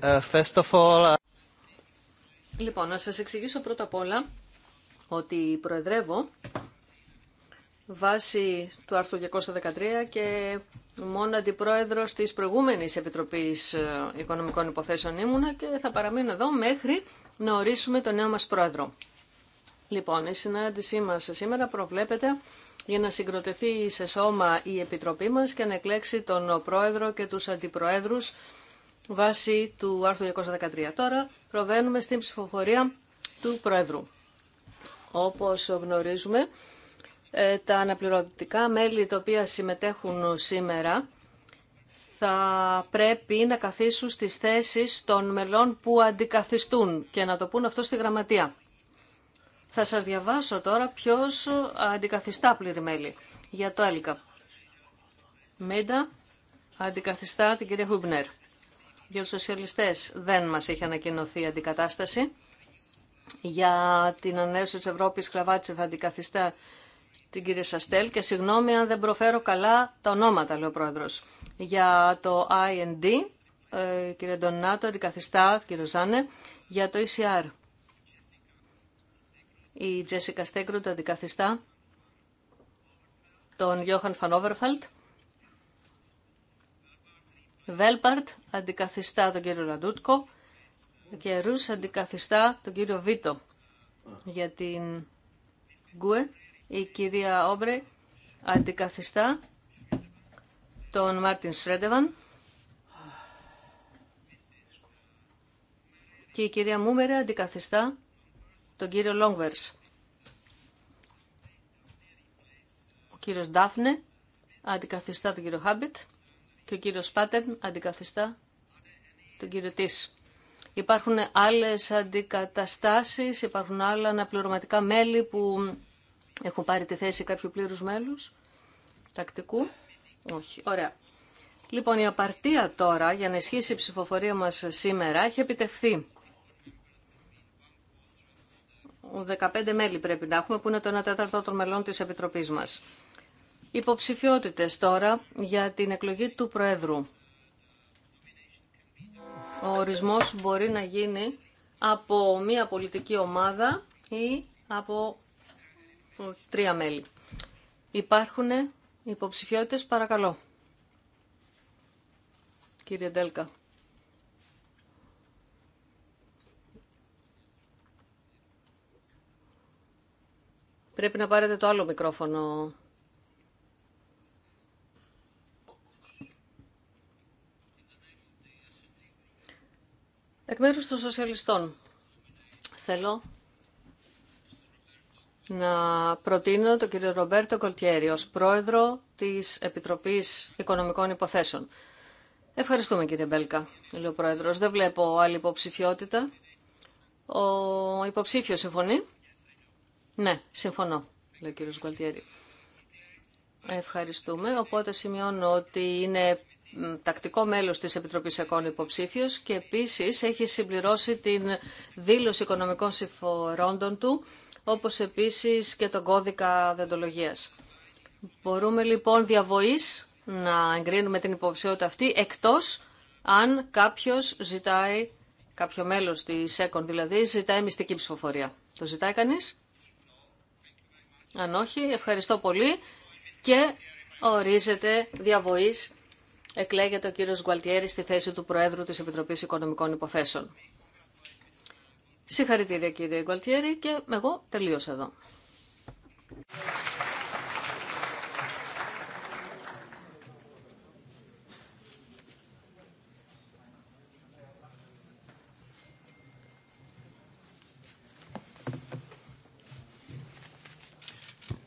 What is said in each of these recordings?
Ε, ε, λοιπόν, να σας εξηγήσω πρώτα απ' όλα ότι προεδρεύω βάσει του άρθρου 213 και μόνο αντιπρόεδρος της προηγούμενης Επιτροπής ε, Οικονομικών Υποθέσεων ήμουνα και θα παραμείνω εδώ μέχρι να ορίσουμε τον νέο μας πρόεδρο. Λοιπόν, η συνάντησή μας σήμερα προβλέπεται για να συγκροτηθεί σε σώμα η Επιτροπή μας και να εκλέξει τον Πρόεδρο και τους Αντιπροέδρους βάσει του άρθρου 213. Τώρα προβαίνουμε στην ψηφοφορία του Προέδρου. Όπως γνωρίζουμε, ε, τα αναπληρωτικά μέλη τα οποία συμμετέχουν σήμερα θα πρέπει να καθίσουν στις θέσεις των μελών που αντικαθιστούν και να το πούν αυτό στη γραμματεία. Θα σας διαβάσω τώρα ποιος αντικαθιστά πλήρη μέλη για το έλικα. Μέντα αντικαθιστά την κυρία Χουμπνέρ. Για τους σοσιαλιστές δεν μας έχει ανακοινωθεί η αντικατάσταση. Για την ανέωση της Ευρώπης Κραβάτσεφ αντικαθιστά την κυρία Σαστέλ και συγγνώμη αν δεν προφέρω καλά τα ονόματα, λέει ο πρόεδρος. Για το IND, ε, κύριε Ντονάτο, αντικαθιστά, κύριο Ζάνε, για το ECR. Η Τζέσικα Στέγκρου το αντικαθιστά, τον Γιώχαν Φανόβερφαλτ Βέλπαρτ αντικαθιστά τον κύριο Ραντούτκο και Ρούς αντικαθιστά τον κύριο Βίτο. Για την Γκουε η κυρία Όμπρε αντικαθιστά τον Μάρτιν Σρέντεβαν και η κυρία Μούμερα αντικαθιστά τον κύριο Λόγβερς. Ο κύριος Ντάφνε αντικαθιστά τον κύριο Χάμπιτ και ο κύριος αντικαθιστά τον κύριο Τίς. Υπάρχουν άλλες αντικαταστάσεις, υπάρχουν άλλα αναπληρωματικά μέλη που έχουν πάρει τη θέση κάποιου πλήρους μέλους τακτικού. Όχι, ωραία. Λοιπόν, η απαρτία τώρα για να ισχύσει η ψηφοφορία μας σήμερα έχει επιτευχθεί. 15 μέλη πρέπει να έχουμε, που είναι το 1 τέταρτο των μελών της Επιτροπής μας. Υποψηφιότητες τώρα για την εκλογή του Προέδρου. Ο ορισμός μπορεί να γίνει από μία πολιτική ομάδα ή από τρία μέλη. Υπάρχουν υποψηφιότητες, παρακαλώ. Κύριε Ντέλκα. Πρέπει να πάρετε το άλλο μικρόφωνο, Εκ μέρους των σοσιαλιστών θέλω να προτείνω τον κύριο Ρομπέρτο Κολτιέρη ως πρόεδρο της Επιτροπής Οικονομικών Υποθέσεων. Ευχαριστούμε κύριε Μπέλκα, λέει ο πρόεδρος. Δεν βλέπω άλλη υποψηφιότητα. Ο υποψήφιος συμφωνεί. Ναι, συμφωνώ, λέει ο κύριος Κολτιέρη. Ευχαριστούμε. Οπότε σημειώνω ότι είναι τακτικό μέλος της Επιτροπής Εκών υποψήφιος και επίσης έχει συμπληρώσει την δήλωση οικονομικών συμφορώντων του, όπως επίσης και τον κώδικα δεντολογίας. Μπορούμε λοιπόν διαβοής να εγκρίνουμε την υποψηφιότητα αυτή, εκτός αν κάποιος ζητάει, κάποιο μέλος της ΕΚΟΝ δηλαδή, ζητάει μυστική ψηφοφορία. Το ζητάει κανείς? Αν όχι, ευχαριστώ πολύ και ορίζεται διαβοής εκλέγεται ο κύριος Γκουαλτιέρη στη θέση του Προέδρου της Επιτροπής Οικονομικών Υποθέσεων. Συγχαρητήρια κύριε Γκουαλτιέρη και εγώ τελείωσα εδώ.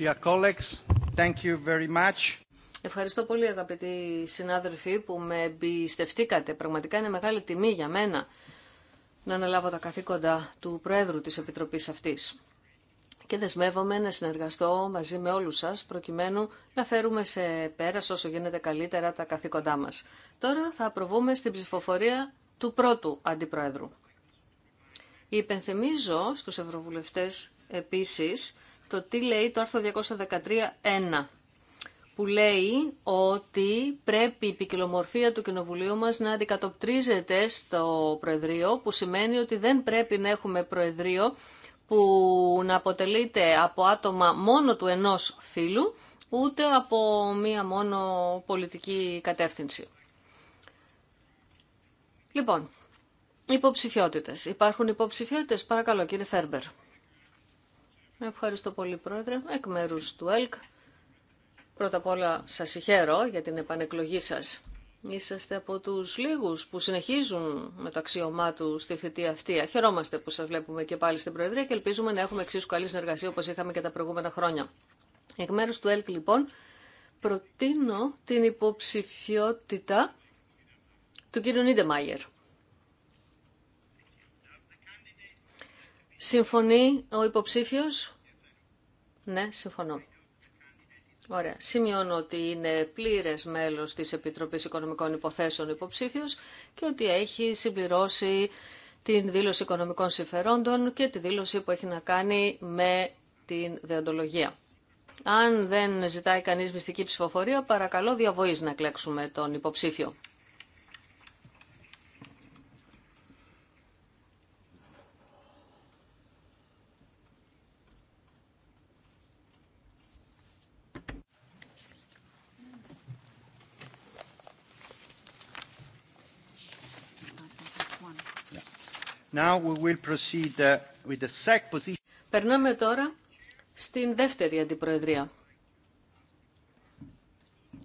Dear colleagues, thank you very much. Ευχαριστώ πολύ αγαπητοί συνάδελφοι που με εμπιστευτήκατε. Πραγματικά είναι μεγάλη τιμή για μένα να αναλάβω τα καθήκοντα του Προέδρου της Επιτροπής αυτής. Και δεσμεύομαι να συνεργαστώ μαζί με όλους σας προκειμένου να φέρουμε σε πέρας όσο γίνεται καλύτερα τα καθήκοντά μας. Τώρα θα προβούμε στην ψηφοφορία του πρώτου Αντιπροέδρου. Υπενθυμίζω στους Ευρωβουλευτές επίσης το τι λέει το άρθρο 213.1 που λέει ότι πρέπει η ποικιλομορφία του Κοινοβουλίου μας να αντικατοπτρίζεται στο Προεδρείο, που σημαίνει ότι δεν πρέπει να έχουμε Προεδρείο που να αποτελείται από άτομα μόνο του ενός φίλου, ούτε από μία μόνο πολιτική κατεύθυνση. Λοιπόν, υποψηφιότητες. Υπάρχουν υποψηφιότητες. Παρακαλώ, κύριε Φέρμπερ. Ευχαριστώ πολύ, Πρόεδρε. Εκ μέρους του ΕΛΚ Πρώτα απ' όλα σας συγχαίρω για την επανεκλογή σας. Είσαστε από τους λίγους που συνεχίζουν με το αξίωμά του στη θητεία αυτή. Χαιρόμαστε που σας βλέπουμε και πάλι στην Προεδρία και ελπίζουμε να έχουμε εξίσου καλή συνεργασία όπως είχαμε και τα προηγούμενα χρόνια. Εκ μέρους του ΕΛΚ λοιπόν προτείνω την υποψηφιότητα του κ. Νίτεμάγερ. Συμφωνεί ο υποψήφιος? Ναι, συμφωνώ. Ωραία. Σημειώνω ότι είναι πλήρε μέλο της επιτροπή Οικονομικών Υποθέσεων υποψήφιο και ότι έχει συμπληρώσει την δήλωση οικονομικών συμφερόντων και τη δήλωση που έχει να κάνει με την διοντολογία. Αν δεν ζητάει κανείς μυστική ψηφοφορία, παρακαλώ διαβοής να κλέξουμε τον υποψήφιο. Uh, Περνάμε τώρα στην δεύτερη αντιπροεδρία.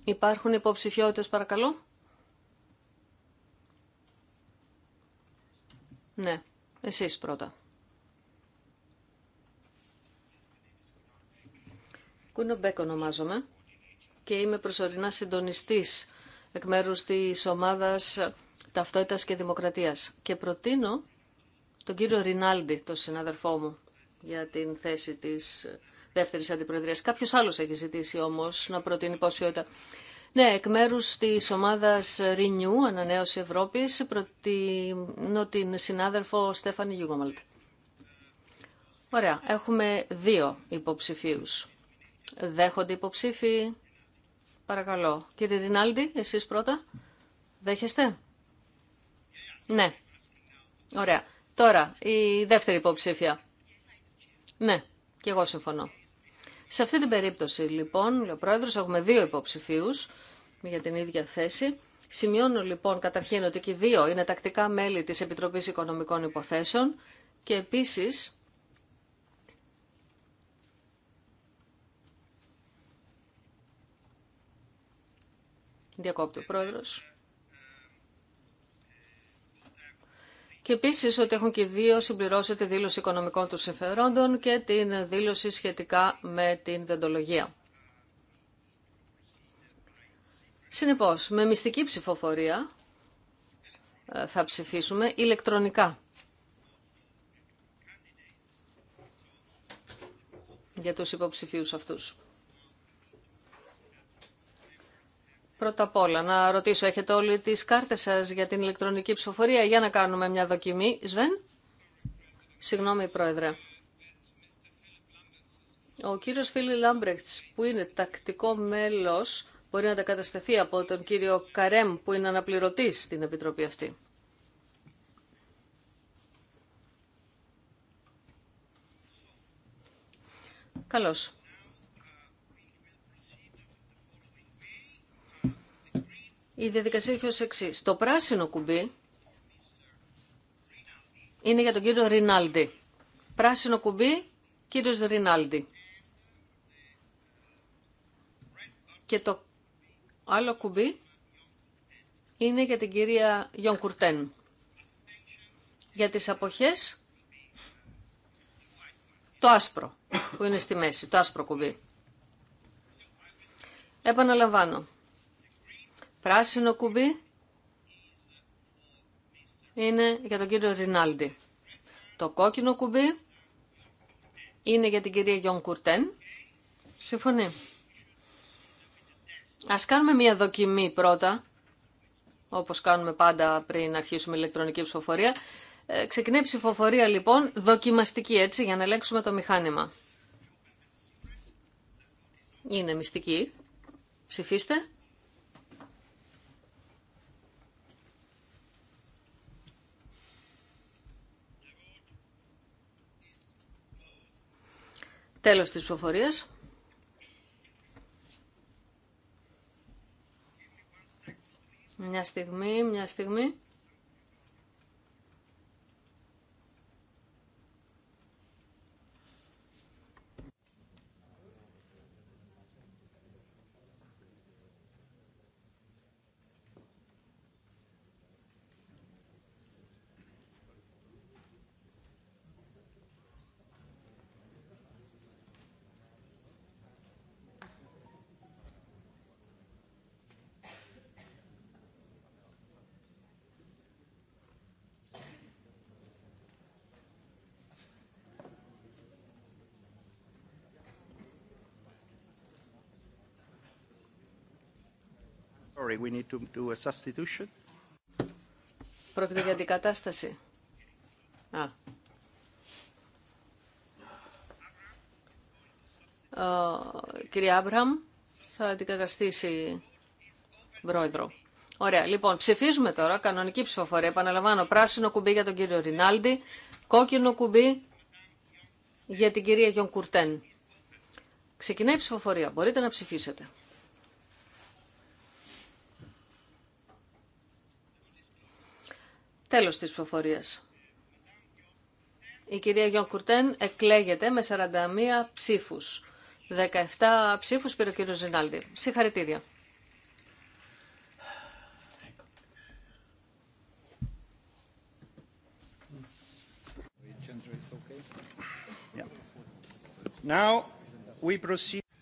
Υπάρχουν υποψηφιότητες παρακαλώ. Ναι, εσείς πρώτα. Κούνο Μπέκ ονομάζομαι και είμαι προσωρινά συντονιστής εκ μέρους της ομάδας Ταυτότητας και Δημοκρατίας και προτείνω τον κύριο Ρινάλντι, τον συναδελφό μου, για την θέση της δεύτερης αντιπροεδρίας. Κάποιος άλλος έχει ζητήσει όμως να προτείνει υποψηφιότητα. Ναι, εκ μέρου τη ομάδα Renew, Ανανέωση Ευρώπη, προτείνω την συνάδελφο Στέφανη Γιούγκομαλτ. Ωραία, έχουμε δύο υποψηφίου. Δέχονται υποψήφοι. Παρακαλώ. Κύριε Ρινάλντι, εσείς πρώτα. Δέχεστε. Ναι. Ωραία. Τώρα, η δεύτερη υποψήφια. Ναι, και εγώ συμφωνώ. Σε αυτή την περίπτωση, λοιπόν, ο Πρόεδρος, έχουμε δύο υποψηφίου για την ίδια θέση. Σημειώνω, λοιπόν, καταρχήν ότι και οι δύο είναι τακτικά μέλη της Επιτροπής Οικονομικών Υποθέσεων και επίσης Διακόπτει ο πρόεδρος. και επίση ότι έχουν και δύο συμπληρώσει τη δήλωση οικονομικών του συμφερόντων και την δήλωση σχετικά με την δεντολογία. Συνεπώ, με μυστική ψηφοφορία ε, θα ψηφίσουμε ηλεκτρονικά. για τους υποψηφίους αυτούς. Πρώτα απ' όλα, να ρωτήσω, έχετε όλοι τις κάρτες σας για την ηλεκτρονική ψηφοφορία, για να κάνουμε μια δοκιμή. Σβέν. Συγγνώμη, Πρόεδρε. Ο κύριος Φίλι Λάμπρεκτς, που είναι τακτικό μέλος, μπορεί να τα κατασταθεί από τον κύριο Καρέμ, που είναι αναπληρωτής στην Επιτροπή αυτή. Καλώς. Η διαδικασία έχει ως εξή. Το πράσινο κουμπί είναι για τον κύριο Ρινάλντι. Πράσινο κουμπί, κύριος Ρινάλντι. Και το άλλο κουμπί είναι για την κυρία Γιον Κουρτέν. Για τις αποχές, το άσπρο που είναι στη μέση, το άσπρο κουμπί. Επαναλαμβάνω, πράσινο κουμπί είναι για τον κύριο Ρινάλντι. Το κόκκινο κουμπί είναι για την κυρία Γιον Κουρτέν. Συμφωνεί. Ας κάνουμε μία δοκιμή πρώτα, όπως κάνουμε πάντα πριν αρχίσουμε ηλεκτρονική ψηφοφορία. Ε, ξεκινάει η ψηφοφορία λοιπόν δοκιμαστική έτσι για να ελέγξουμε το μηχάνημα. Είναι μυστική. Ψηφίστε. Τέλος της ψηφοφορίας. Μια στιγμή, μια στιγμή. Πρόκειται για αντικατάσταση. Α. κυρία Άμπραμ θα αντικαταστήσει πρόεδρο. Ωραία, λοιπόν, ψηφίζουμε τώρα κανονική ψηφοφορία. Επαναλαμβάνω, πράσινο κουμπί για τον κύριο Ρινάλντι, κόκκινο κουμπί για την κυρία Γιον Κουρτέν. Ξεκινάει η ψηφοφορία. Μπορείτε να ψηφίσετε. Τέλος της ψηφοφορίας. Η κυρία Γιον Κουρτέν εκλέγεται με 41 ψήφους. 17 ψήφους πήρε ο κύριος Ζινάλντι. Συγχαρητήρια.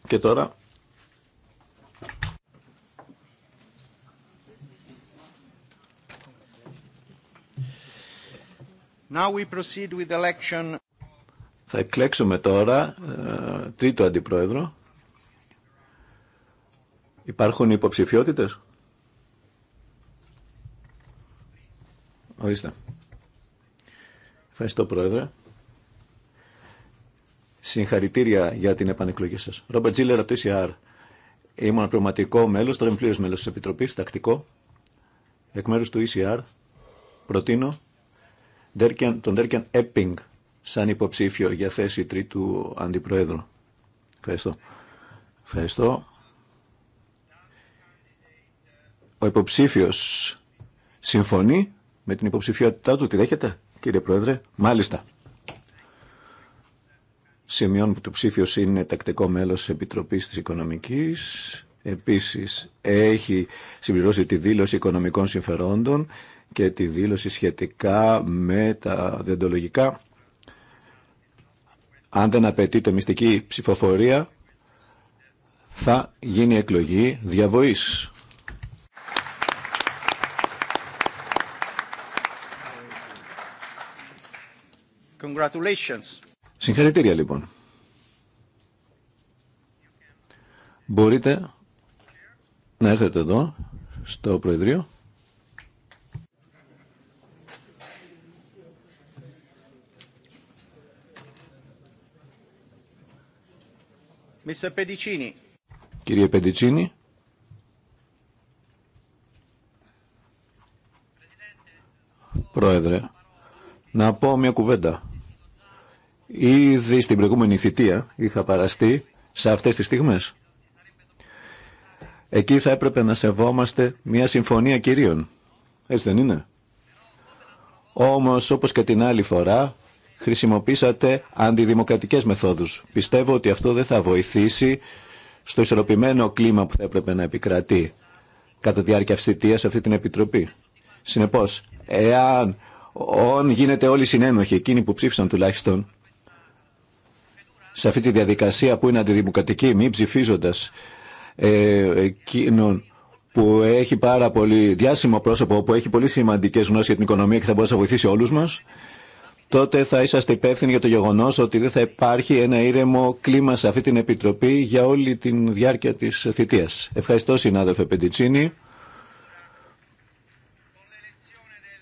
Και τώρα Θα εκλέξουμε τώρα ε, τρίτο αντιπρόεδρο. Υπάρχουν υποψηφιότητες. Ορίστε. Ευχαριστώ, Πρόεδρε. Συγχαρητήρια για την επανεκλογή σας. Ρόμπερτ Τζίλερ από το ECR. Ήμουν πραγματικό μέλος, τώρα είμαι πλήρως μέλος της Επιτροπής, τακτικό. Εκ μέρους του ECR προτείνω τον Ντέρκεν Έπινγκ σαν υποψήφιο για θέση τρίτου αντιπροέδρου. Ευχαριστώ. Ευχαριστώ. Ο υποψήφιος συμφωνεί με την υποψηφιότητά του. Τη δέχεται, κύριε Πρόεδρε. Μάλιστα. Σημειώνω που το ψήφιο είναι τακτικό μέλος της Επιτροπής της Οικονομικής. Επίσης, έχει συμπληρώσει τη δήλωση οικονομικών συμφερόντων και τη δήλωση σχετικά με τα δεντολογικά. Αν δεν απαιτείται μυστική ψηφοφορία, θα γίνει εκλογή διαβοής. Congratulations. Συγχαρητήρια λοιπόν. Μπορείτε να έρθετε εδώ στο Προεδρείο. Κύριε Πεντιτσίνη. Πρόεδρε, να πω μια κουβέντα. Ήδη στην προηγούμενη θητεία είχα παραστεί σε αυτές τις στιγμές. Εκεί θα έπρεπε να σεβόμαστε μια συμφωνία κυρίων. Έτσι δεν είναι. Όμως όπως και την άλλη φορά χρησιμοποίησατε αντιδημοκρατικές μεθόδους. Πιστεύω ότι αυτό δεν θα βοηθήσει στο ισορροπημένο κλίμα που θα έπρεπε να επικρατεί κατά τη διάρκεια αυστητία σε αυτή την Επιτροπή. Συνεπώ, εάν όν γίνεται όλοι συνένοχοι, εκείνοι που ψήφισαν τουλάχιστον, σε αυτή τη διαδικασία που είναι αντιδημοκρατική, μη ψηφίζοντα ε, εκείνον που έχει πάρα πολύ διάσημο πρόσωπο, που έχει πολύ σημαντικέ γνώσει για την οικονομία και θα μπορούσε να βοηθήσει όλου μα, τότε θα είσαστε υπεύθυνοι για το γεγονό ότι δεν θα υπάρχει ένα ήρεμο κλίμα σε αυτή την επιτροπή για όλη τη διάρκεια τη θητεία. Ευχαριστώ, συνάδελφε Πεντιτσίνη.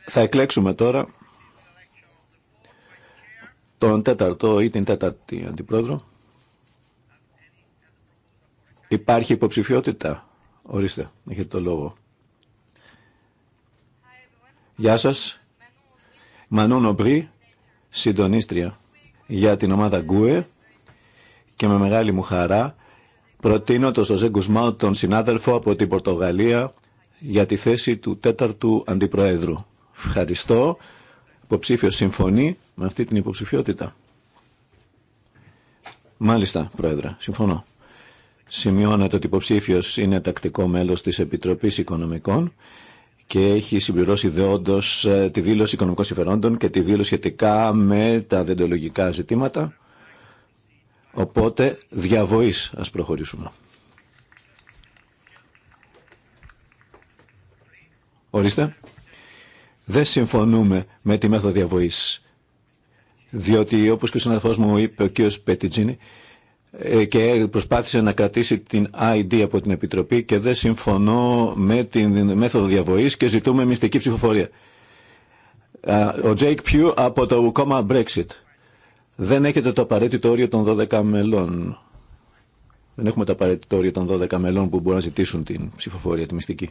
Θα εκλέξουμε τώρα τον τέταρτο ή την τέταρτη αντιπρόεδρο. Υπάρχει υποψηφιότητα. Ορίστε, έχετε το λόγο. Γεια σας. Μανώνο Ομπρί, συντονίστρια για την ομάδα Γκουε και με μεγάλη μου χαρά προτείνω τον Σοζέ Γκουσμάου τον συνάδελφο από την Πορτογαλία για τη θέση του τέταρτου αντιπροέδρου. Ευχαριστώ. Υποψήφιος συμφωνεί με αυτή την υποψηφιότητα. Μάλιστα, Πρόεδρε, συμφωνώ. Σημειώνεται ότι υποψήφιος είναι τακτικό μέλος της Επιτροπής Οικονομικών και έχει συμπληρώσει δεόντω ε, τη δήλωση οικονομικών συμφερόντων και τη δήλωση σχετικά με τα δεντολογικά ζητήματα. Οπότε διαβοής ας προχωρήσουμε. Ορίστε. Δεν συμφωνούμε με τη μέθοδο διαβοής. Διότι όπως και ο συναδελφός μου είπε ο κ. Πετιτζίνη, ε, και προσπάθησε να κρατήσει την ID από την Επιτροπή και δεν συμφωνώ με την μέθοδο διαβοής και ζητούμε μυστική ψηφοφορία. Ο Jake Pew από το κόμμα Brexit. Δεν έχετε το απαραίτητο όριο των 12 μελών. Δεν έχουμε το απαραίτητο όριο των 12 μελών που μπορούν να ζητήσουν την ψηφοφορία, τη μυστική.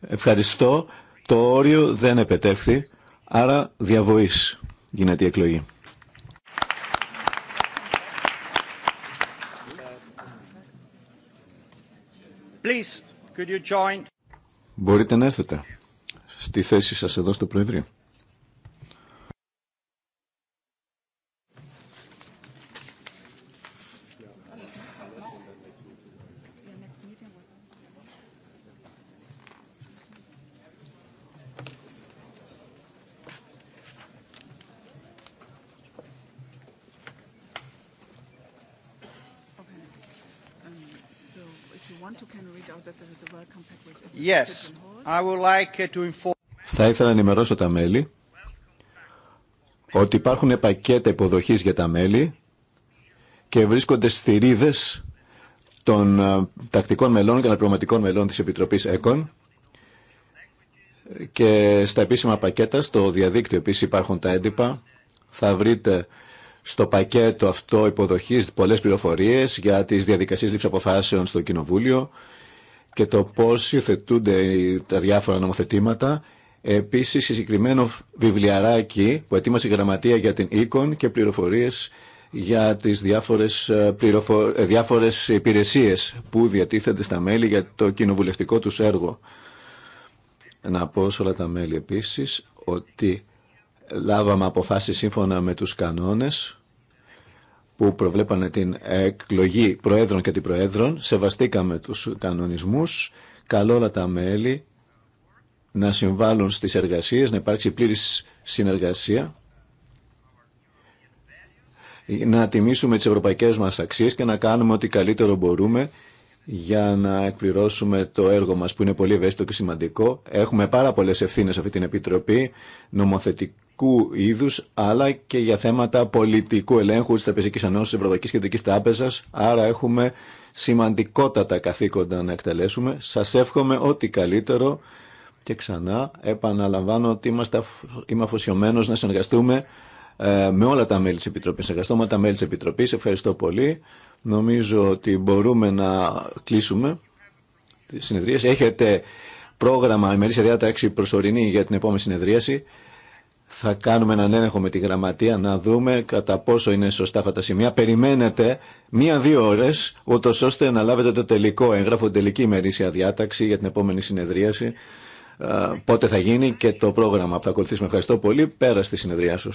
Ευχαριστώ. Το όριο δεν επετεύχθη, άρα διαβοής γίνεται η εκλογή. you join? Μπορείτε να έρθετε στη θέση σας εδώ στο Προεδρείο. Θα ήθελα να ενημερώσω τα μέλη ότι υπάρχουν πακέτα υποδοχής για τα μέλη και βρίσκονται στηρίδες των ε, τακτικών μελών και αναπληρωματικών μελών της Επιτροπής ΕΚΟΝ και στα επίσημα πακέτα, στο διαδίκτυο επίσης υπάρχουν τα έντυπα, θα βρείτε στο πακέτο αυτό υποδοχή πολλές πληροφορίες για τις διαδικασίες λήψη αποφάσεων στο Κοινοβούλιο και το πώς υιοθετούνται τα διάφορα νομοθετήματα. Επίσης, συγκεκριμένο βιβλιαράκι που ετοίμασε η Γραμματεία για την οικον και πληροφορίες για τις διάφορε ε, ε, διάφορες υπηρεσίες που διατίθενται στα μέλη για το κοινοβουλευτικό του έργο. Να πω σε όλα τα μέλη επίση ότι λάβαμε αποφάσεις σύμφωνα με τους κανόνες που προβλέπανε την εκλογή προέδρων και την προέδρων. Σεβαστήκαμε τους κανονισμούς. Καλό τα μέλη να συμβάλλουν στις εργασίες, να υπάρξει πλήρης συνεργασία. Να τιμήσουμε τις ευρωπαϊκές μας αξίες και να κάνουμε ό,τι καλύτερο μπορούμε για να εκπληρώσουμε το έργο μας που είναι πολύ ευαίσθητο και σημαντικό. Έχουμε πάρα πολλές ευθύνες αυτή την Επιτροπή, οικονομικού είδους αλλά και για θέματα πολιτικού ελέγχου της Τραπεζικής Ανώσης της Ευρωπαϊκής Κεντρικής Τράπεζας. Άρα έχουμε σημαντικότατα καθήκοντα να εκτελέσουμε. Σας εύχομαι ό,τι καλύτερο και ξανά επαναλαμβάνω ότι είμαστε, είμαι αφοσιωμένος να συνεργαστούμε ε, με όλα τα μέλη της Επιτροπής. Συνεργαστώ με τα μέλη της Επιτροπής. Ευχαριστώ πολύ. Νομίζω ότι μπορούμε να κλείσουμε τις συνεδρίες. Έχετε πρόγραμμα ημερήσια διάταξη προσωρινή για την επόμενη συνεδρίαση. Θα κάνουμε έναν έλεγχο με τη γραμματεία να δούμε κατά πόσο είναι σωστά αυτά τα σημεία. Περιμένετε μία-δύο ώρε, ούτω ώστε να λάβετε το τελικό έγγραφο, τελική ημερήσια διάταξη για την επόμενη συνεδρίαση. Πότε θα γίνει και το πρόγραμμα που θα ακολουθήσουμε. Ευχαριστώ πολύ. Πέρα στη συνεδριά σου.